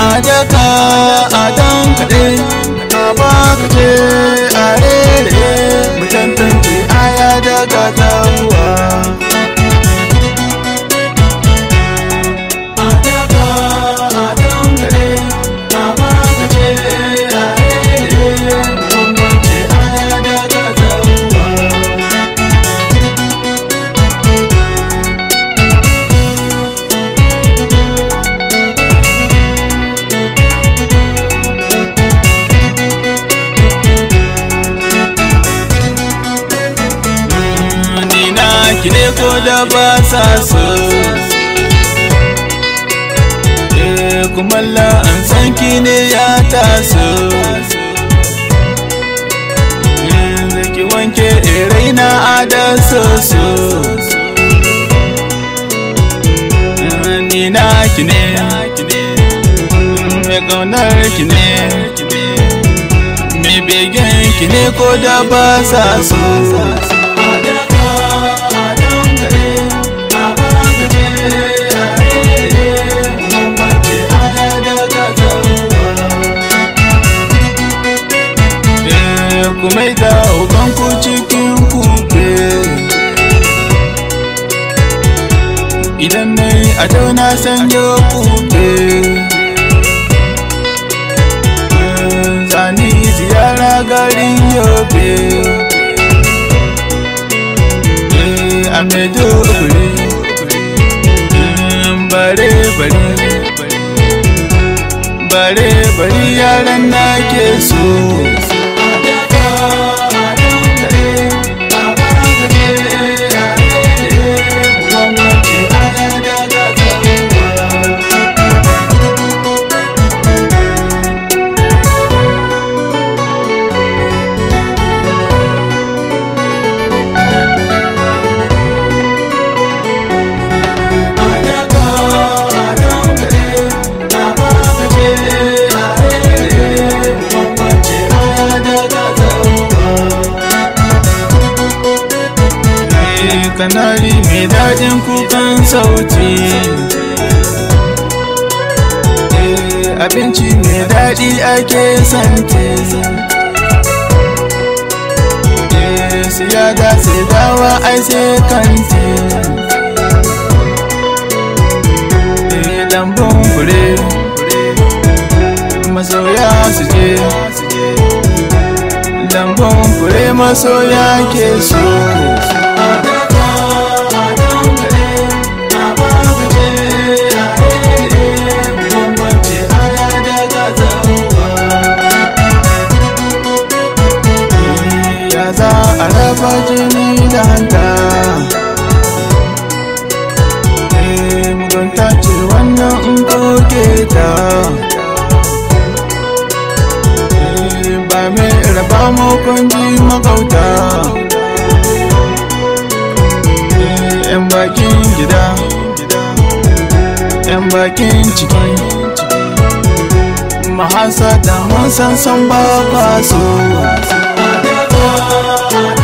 a jaka a dan kaɗe a baka ce ki ne ko da ba sa so eh, kumalla an san ki ne ya taso yanzu eh, ki wanke eh, na adan so so ni na ki ne mai gaunar ki ne mai begen ki ne ko da ba sa so ku mai da ku cikin kuke idan na yi a na sanyo kuke tsani ziyara garin yobe eh, a maiduguri eh, bare bare bare bare yaran na ke so mai daɗin kukan sauti eh, abinci mai daɗi ake santi eh, siya ga dawa ai sai kanti eh, lambun fure masoya su je lambun fure masoya ke so a raba jini da hanta eh mugunta ce wannan in doke ta eh, ba me raba makon ji makauta eh yan bakin gida yan bakin ciki mahasa da mun san san ba so Bye.